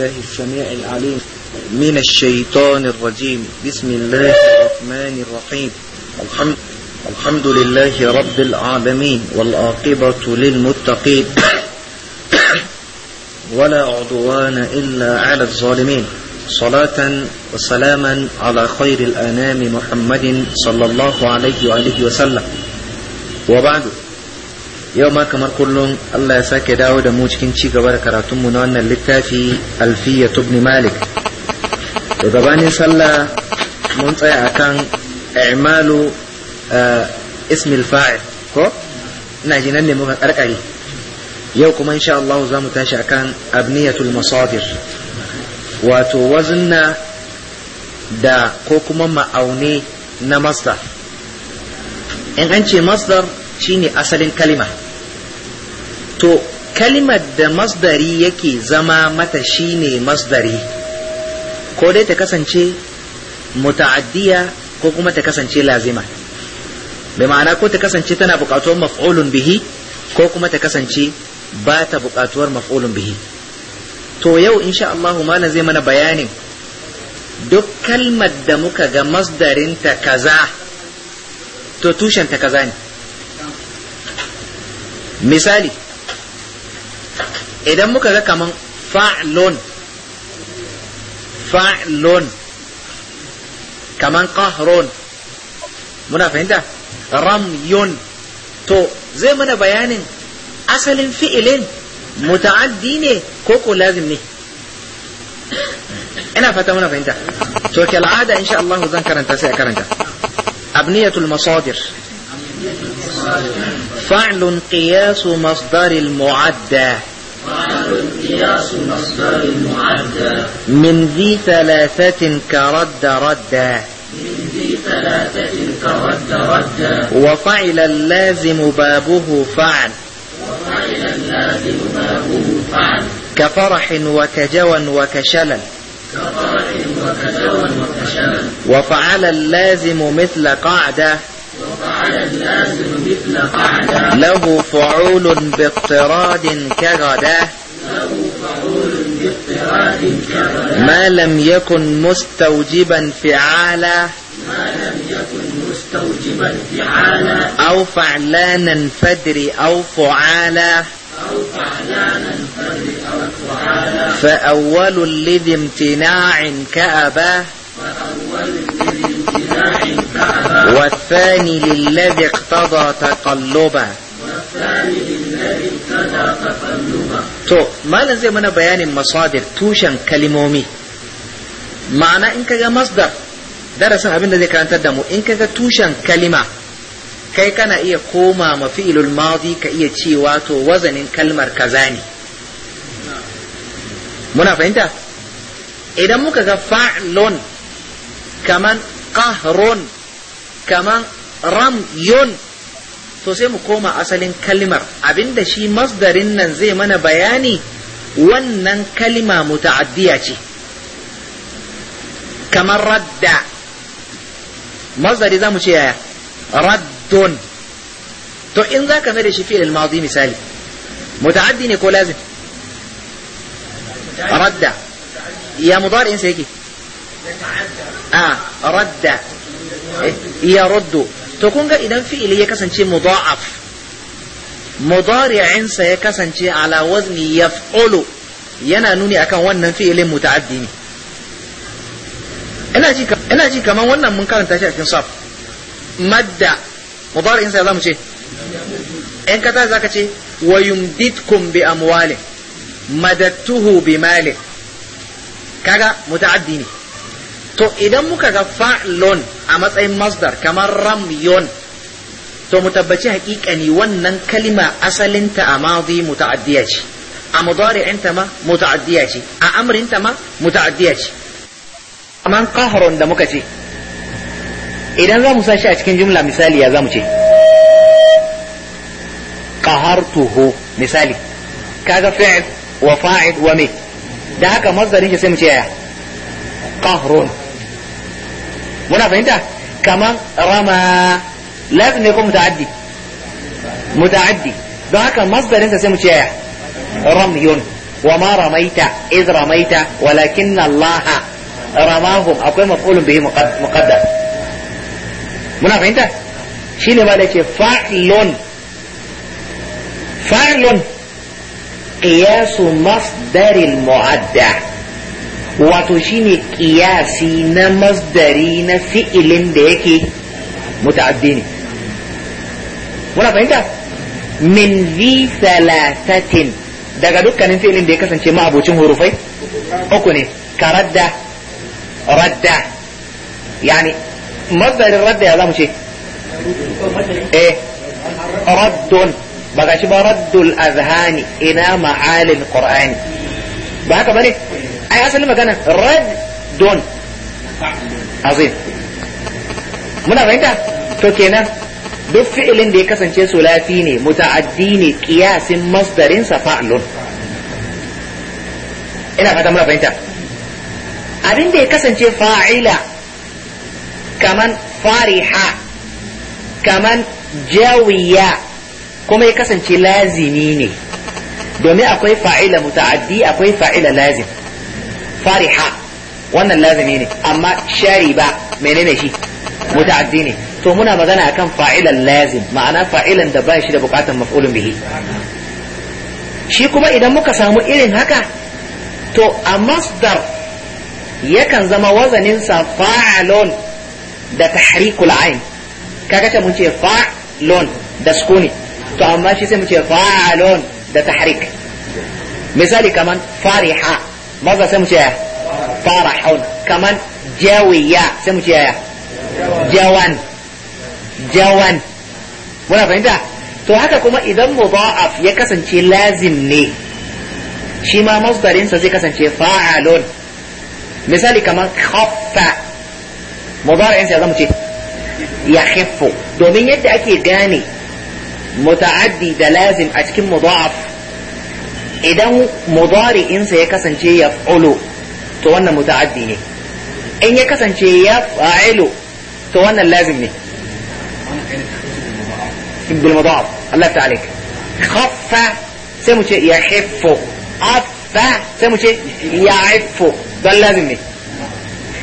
الله السميع العليم من الشيطان الرجيم بسم الله الرحمن الرحيم الحمد الحمد لله رب العالمين والآقبة للمتقين ولا عدوان إلا على الظالمين صلاة وسلاما على خير الأنام محمد صلى الله عليه وآله وسلم وبعده yau ma kamar kullum Allah ya sake dawo da mu cikin ci gaba da karatunmu na wannan littafi alfiya tubni malik da gabanin sallah mun tsaya akan i'malu eh, ismil fa'il ko ina ji nan ne muka karkare yau kuma insha Allah za mu tashi akan abniyatul masadir wato wazinna da ko kuma ma'aune na masdar in an ce masdar shine asalin kalima to kalimar da masdari yake zama mata shine masdari ko dai ta kasance muta'addiya ko kuma ta kasance lazima bai ma'ana ko ta kasance tana buƙatuwar maf'ulun bihi ko kuma ta kasance ba ta buƙatuwar maf'ulun bihi to yau insha Allah malam zai mana bayanin duk kalmar da muka ga masdarinta kaza to tushenta kaza ne misali idan muka ga kaman fa'lun fa'lun kaman qahrun muna fahimta ramyun to zai mana bayanin asalin fi'ilin muta'addi ne ko ko lazim ne ina fata muna fahimta to ke al'ada insha Allah zan karanta sai a karanta abniyatul masadir fa'lun qiyas masdar al mu'adda من ذي ثلاثة كرد ردا من ذي ثلاثة كرد ردا وفعل اللازم بابه فعل كفرح كفرح وكجوى وكشلل وفعل اللازم مثل قعده له فعول باضطراد كغدا ما لم يكن مستوجبا فعالا أو فعلانا فدر أو فعالا فأول لذي امتناع كأباه والثاني للذي اقتضى تقلبه to malam zai mana bayanin masadir tushen kalimomi ma'ana in kaga masdar darasin abin da zai karantar da mu in kaga tushen kalima kai kana iya koma ma fi'ilul madi ka iya cewa to wazanin kalmar kaza ne muna fahimta idan muka ga fa'lun kaman qahrun kaman ramyun to sai mu koma asalin kalmar abinda shi masdarin nan zai mana bayani wannan kalima muta'addiya ce kamar radda masdari za mu ce yaya raddon. to in za ka mai da shi fi'il madi misali muta'addi ne ko lazim radda ya mudari'insa yake a ah, radda ya raddu to kun ga idan fi'ili ya kasance mudha'af mudari'insa ya kasance ala wazni yaf'ulu yana nuni akan wannan fi'ilin muta'addi ne ina ji ina ji kaman wannan mun karanta shi a cikin saf madda mudari'insa ya zamu ce in ka tashi zaka ce wa yumditkum bi amwalin madattuhu bi mali. kaga muta'addi ne to idan muka ga fa'lun a matsayin masdar kamar ramyon to mu tabbaci hakikani wannan kalima asalinta a madi muta'addiya ce a mudari'inta ma muta'addiya ce a amrinta ma muta'addiya ce kaman qahrun da muka ce idan za mu sa shi a cikin jumla misali ya za mu ce qahartuhu misali kaga fi'l wa fa'il wa me da haka masdarin shi sai mu ce yaya qahrun muna fahimta kaman rama lazim ne ko muta'addi muta'addi don haka masdarin sa sai mu ce ya ramyun wa ma ramaita iz ramaita walakin Allah ramahu akwai maf'ulun bihi muqaddar muna fahimta shine ma da ke fa'lun fa'lun qiyasu masdaril mu'adda wato shine kiyasi na masdari na fi'ilin da yake muta'addi ne muna fahimta min zi salasatin daga dukkanin fi'ilin da ya kasance ma'abocin hurufai uku ne ka radda radda yani masdarin radda ya zamu ce eh raddun ba ga shi ba raddul azhani ina ma'alin qur'ani ba haka bane ai asalin magana red don azim muna fahimta to kenan duk fi'ilin da ya kasance sulafi ne muta'addi ne kiyasin masdarin sa fa'lun ina fata muna fahimta abin da ya kasance fa'ila kaman fariha kaman jawiya kuma ya kasance lazimi ne domin akwai fa'ila muta'addi akwai fa'ila lazim fariha wannan lazimi ne amma shariba menene shi muta'addi ne to muna magana akan fa'ilan lazim ma'ana fa'ilan da ba shi da bukatan maf'ulun bihi shi kuma idan muka samu irin haka to a masdar yakan zama wazanin sa fa'alon da tahrikul ain kaga ta mun ce fa'lon da skuni? to amma shi sai mu ce fa'alon da tahrik misali kaman fariha maza sai mu ce yaya farahun kaman jawiya sai mu ce yaya jawan jawan muna fahimta to haka kuma idan mudha'af ya kasance lazim ne shi ma masdarinsa zai kasance fa'alun misali kaman khaffa mudari'in sai zamu ce ya khiffu domin yadda ake gane muta'addi da lazim a cikin mudha'af idan mudari'insa ya kasance ya yaf'ulu to wannan muta'addi ne in ya kasance ya f'ailo to wannan lazim ne bil mudaf Allah ta'ala khaffa sai mu ce ya hiffu affa sai mu ce ya hiffu Don lazim ne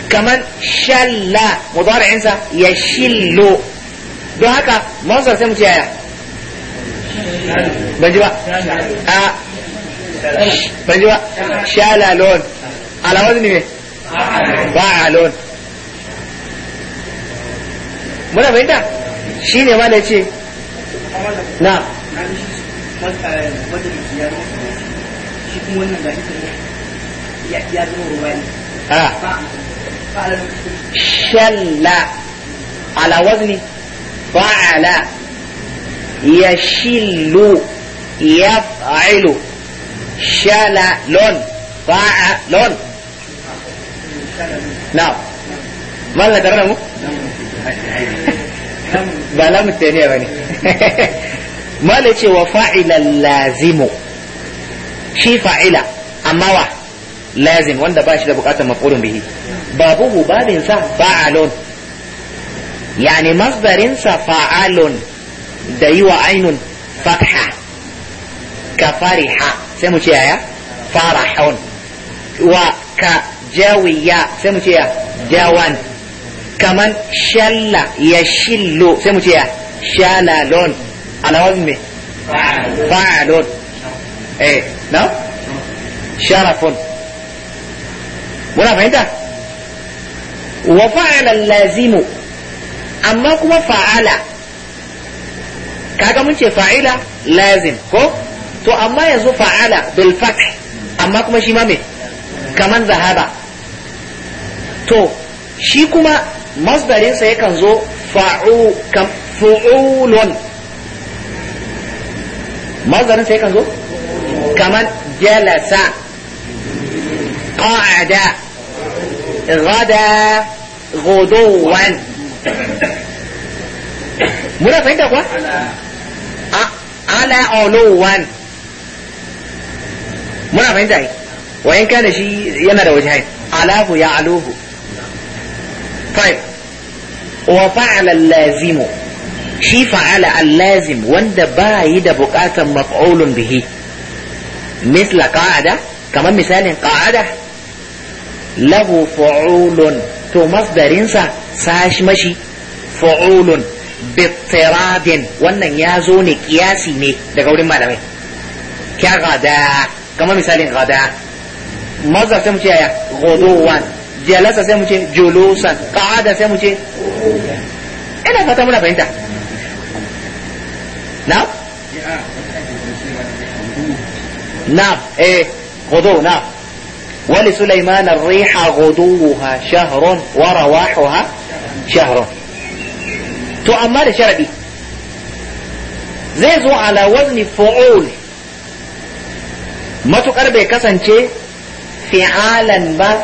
kamar shalla mudari'insa ya shillo. don haka mazhar sai mu ce yaya ban ji ba ban ji ba shalalon alawaz ne ba'alon muna fahimta shi ne ma da ce na shalla ala wazni شلل فعل نعم ما لا ترى مو بلا مستنيه بني ما لا وفاعل اللازم شي فاعله amma wa lazim wanda ba shi da bukatar maf'ulun bihi babuhu babinsa fa'alun yani masdarinsa fa'alun da yi wa ainun fatha ka fariha sai mu ce yaya farahun wa ka jawiya sai mu ce ya jawan kaman shalla ya shillo sai mu ce ya shalalon alawazin me fa'alon eh na sharafun muna fahimta wa fa'ala lazimu amma kuma fa'ala kaga mun ce fa'ila lazim ko to amma yanzu fa'ala bil fath amma kuma shi ma me kaman zahaba to shi kuma masdarinsa yakan zo fa'u kam fu'ulun masdarinsa yakan zo kaman jalasa qa'ada غدا غدوا muna fahimta kuwa ala uluwan muna fahimta ai wayan kana shi yana da wajhai alahu ya aluhu طيب وفعل اللازم shi fa'ala allazim wanda ba yi da buƙatan maf'ulun bihi misla qa'ada kamar misalin qa'ada lahu fa'ulun to masdarinsa sashi mashi fa'ulun bittiradin wannan ya zo ne kiyasi ne daga wurin malamai kyagada kamar misalin gada maza sai mu ce ya godowan jalasa sai mu ce julusan qa'ada sai mu ce ina fata muna fahimta na na eh godo na ولسليمان الريح غدوها شهر ورواحها شهر تؤمر شربي زي زو على وزن فعول matukar bai kasance fi'alan ba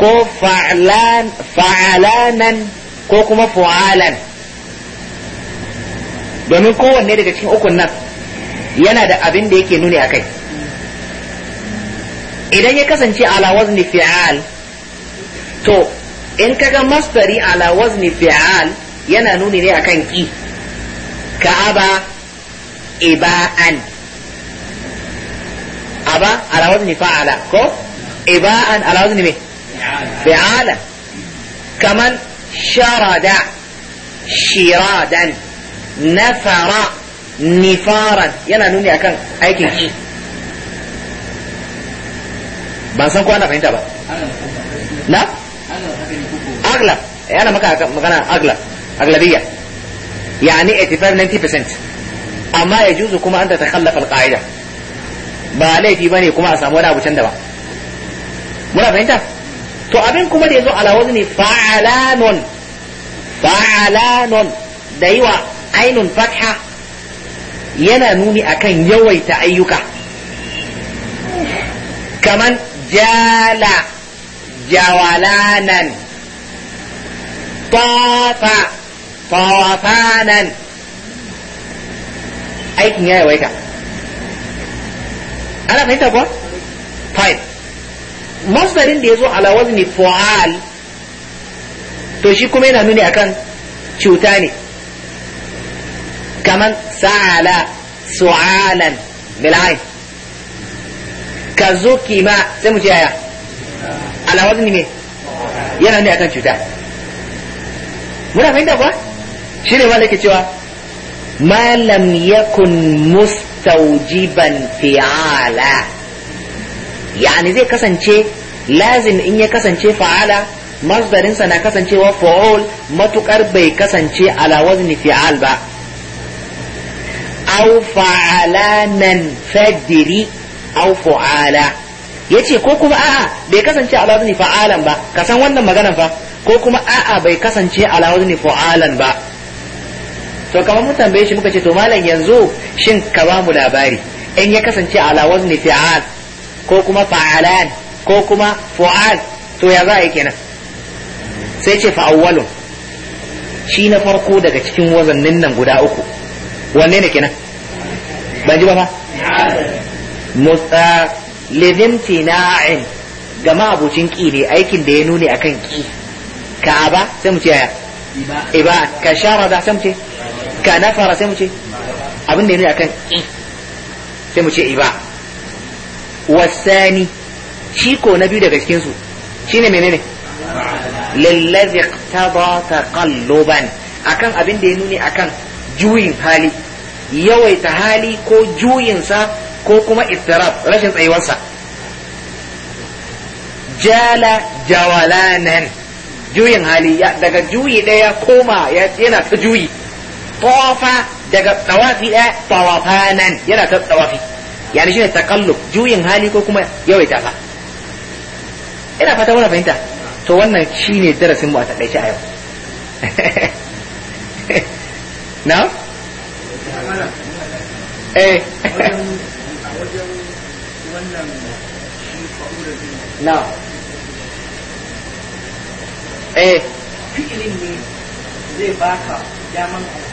ko fa'alanan ko kuma fu'alan domin kowanne daga cikin ukun nan yana da abin da yake nuni a kai idan ya kasance ala wazni fi'al to in kaga mastari ala wazni fi'al yana nuni ne akan ki ka'aba iba'an أبا على وزن فعل كو إباء على وزن مين فعل كمان شرد شرادا نفر نفارا يلا نوني أكن أي كي بانسان كوانا فهمت أبا لا أغلب أنا مكان مكان أغلب أغلبية يعني 85% أما يجوز أن تتخلف القاعدة ba laifi ba ne kuma a samu wani abu can da ba muna fahimta to abin kuma da yazo ala wazni fa'alanon fa'alanon da yiwa ainun fatha yana nuni akan yawaita ayyuka kaman jala jawalanan tafa tafanan aikin ya yawaita ana fahimta kuwa fine masdarin da ya zo ala wazni fu'al to shi kuma yana nuni akan cuta ne kaman sa'ala su'alan bil ain ka zo kima sai mu ce aya ala wazni ne yana nuni akan cuta muna fahimta kuwa shi ne wanda ke cewa ma lam yakun mus mustaujiban fi'ala yani zai kasance lazim in ya kasance fa'ala masdarinsa na kasancewa fa'ul matukar bai kasance ala wazni fi'al ba aw fa'alanan fadri aw fa'ala yace ko kuma a'a bai kasance ala wazni fa'alan ba kasan wannan maganan fa ko kuma a'a bai kasance ala wazni fa'alan ba to kamar mun tambaye shi muka ce to malam yanzu shin ka ba mu labari in ya kasance ala wazni fi'al ko kuma fa'alan ko kuma fu'al to ya za a yi kenan sai ce fa'awwalun shi na farko daga cikin wazannin nan guda uku wanne ne kenan ban ji ba fa musta tina'in na'in gama abucin ki ne aikin da ya nuni akan ki ka ba sai mu ce yaya iba ka shara da sai mu ce Ga na fara sai mu ce abin da ya nuna akan i sai mu ce iba wasani shi ko na biyu daga cikinsu su shine menene lillazi iqtada taqalluban akan abin da ya nuni akan juyin hali yawaita hali ko juyinsa ko kuma istirab rashin tsayuwarsa jala jawalanan juyin hali daga juyi ɗaya koma yana ta juyi tawafa daga tawafi ɗaya tawafanan yana ta tawafi shi ne takallub juyin hali ko kuma yawaita fa ina fata wannan fahimta to wannan shi ne darasin mu a takaice a yau na eh na eh fi'ilin ne zai baka daman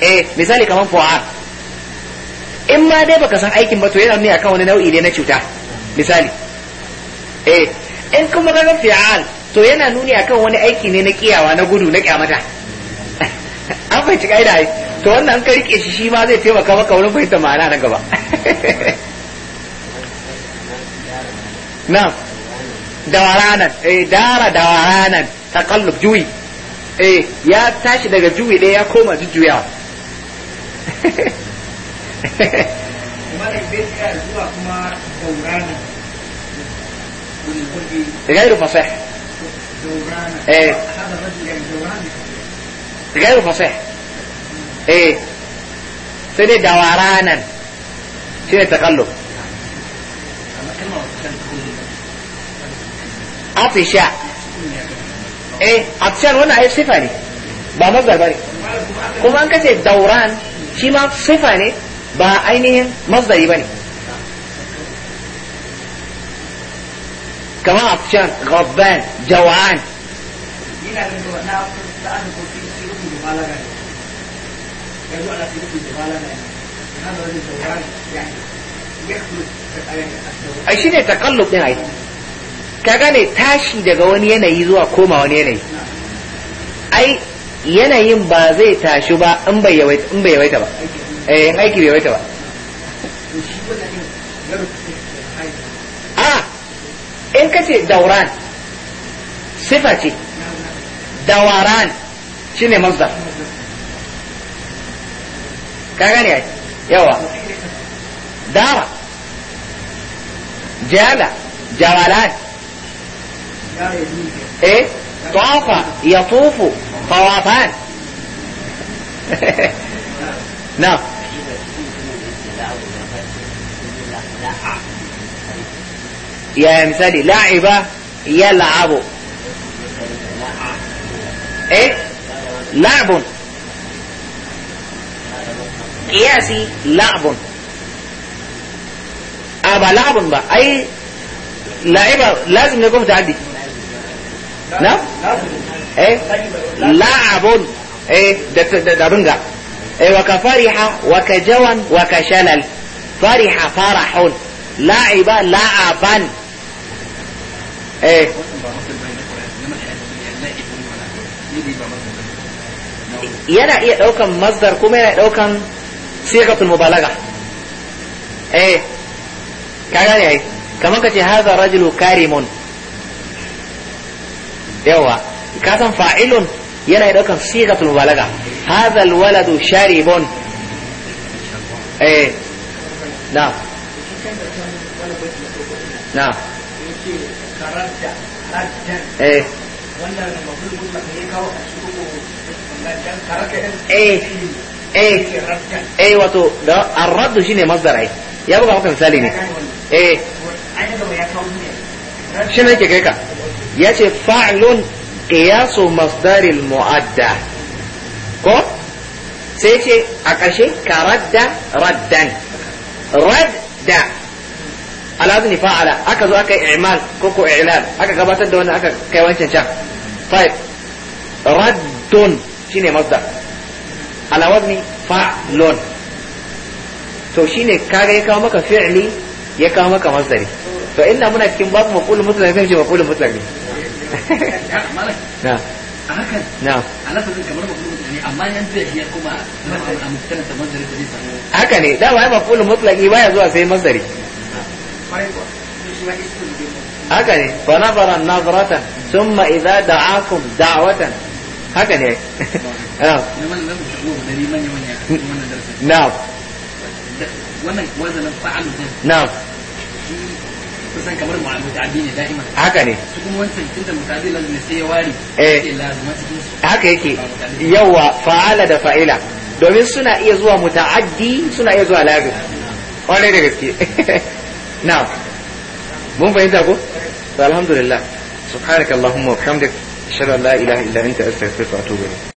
eh misali kamar fu'a in ma dai baka san aikin ba to yana nuni akan wani nau'i ne na cuta misali eh in kuma ga fi'al to yana nuni akan wani aiki ne na kiyawa na gudu na kyamata an fahimci kaida ai to wannan an karike shi shi ma zai taimaka maka wurin fahimta ma'ana na gaba na'am dawaranan eh dara dawaranan taqallub juwi eh ya tashi daga juwi ɗaya ya koma jujjuyawa غير فصيح ايه غير فصيح ايه سيدي دورانا شنو التقلب atisha eh atishan wannan ai sifa ne ba mazhar bane kuma an kace dauran shi ma sifa ne ba ainihin masdari bane kamar afshan gabban jawan a shi ne takallub ka gane tashi daga wani yanayi zuwa koma wani yanayi ai yanayin ba zai tashi ba in bai yawaita ba eh in aiki bai yawaita ba a ah! in ka ce dauran sifa ce dawaran shine mazda. ka gani ai yawa dara jala jawalan eh طاف يطوف طوافان نعم يا مثالي لعب يلعب ايه لعب قياسي لعب ابا لعب بقى اي لعبة لازم نقوم تعدي na eh la'abun eh da abin eh wa ka fariha wa ka jawan wa ka shalal fariha farahun la'iba la'aban eh yana iya ɗaukan masdar kuma yana daukan sigatul mubalaga eh kaga ne ai kamar kace hadha rajulu karimun يوه كاتم فاعل ينا يدوكم صيغة المبالغة هذا الولد شارب ايه نعم نعم ايه ايه ايه ايه ايه وطو ده الرد شيني مصدر ايه يبقى مثاليني ايه شنو هيك هيك ya ce fa'ilun ƙiyasu masdaril mu'adda ko sai ce a ƙashe ka radda raddan radda alazini fa'ala aka zo aka yi imal ko ko ilal aka gabatar da wani aka kai wancan can five raddun shine masdar alawazni fa'lun to shine kaga ya kawo maka fi'li ya kawo maka masdari to inda muna cikin babu maqul mutlaq sai ce maqul mutlaq na na amma kuma a haka ne dama ya maqul mutlaq baya zuwa sai mazari haka ne fa nazara nazratan thumma idza da'akum da'watan haka ne wannan wazanin fa'alu Na. kusan kamar mutabi ne da'ima haka ne su kuma wancan tunda mutabi lazim ne sai ya ware eh haka yake yawa fa'ala da fa'ila domin suna iya zuwa muta'addi suna iya zuwa lazim kwarai da gaske na mun fahimta ko alhamdulillah subhanakallahumma wa bihamdika ashhadu an la ilaha illa anta astaghfiruka wa atubu ilayk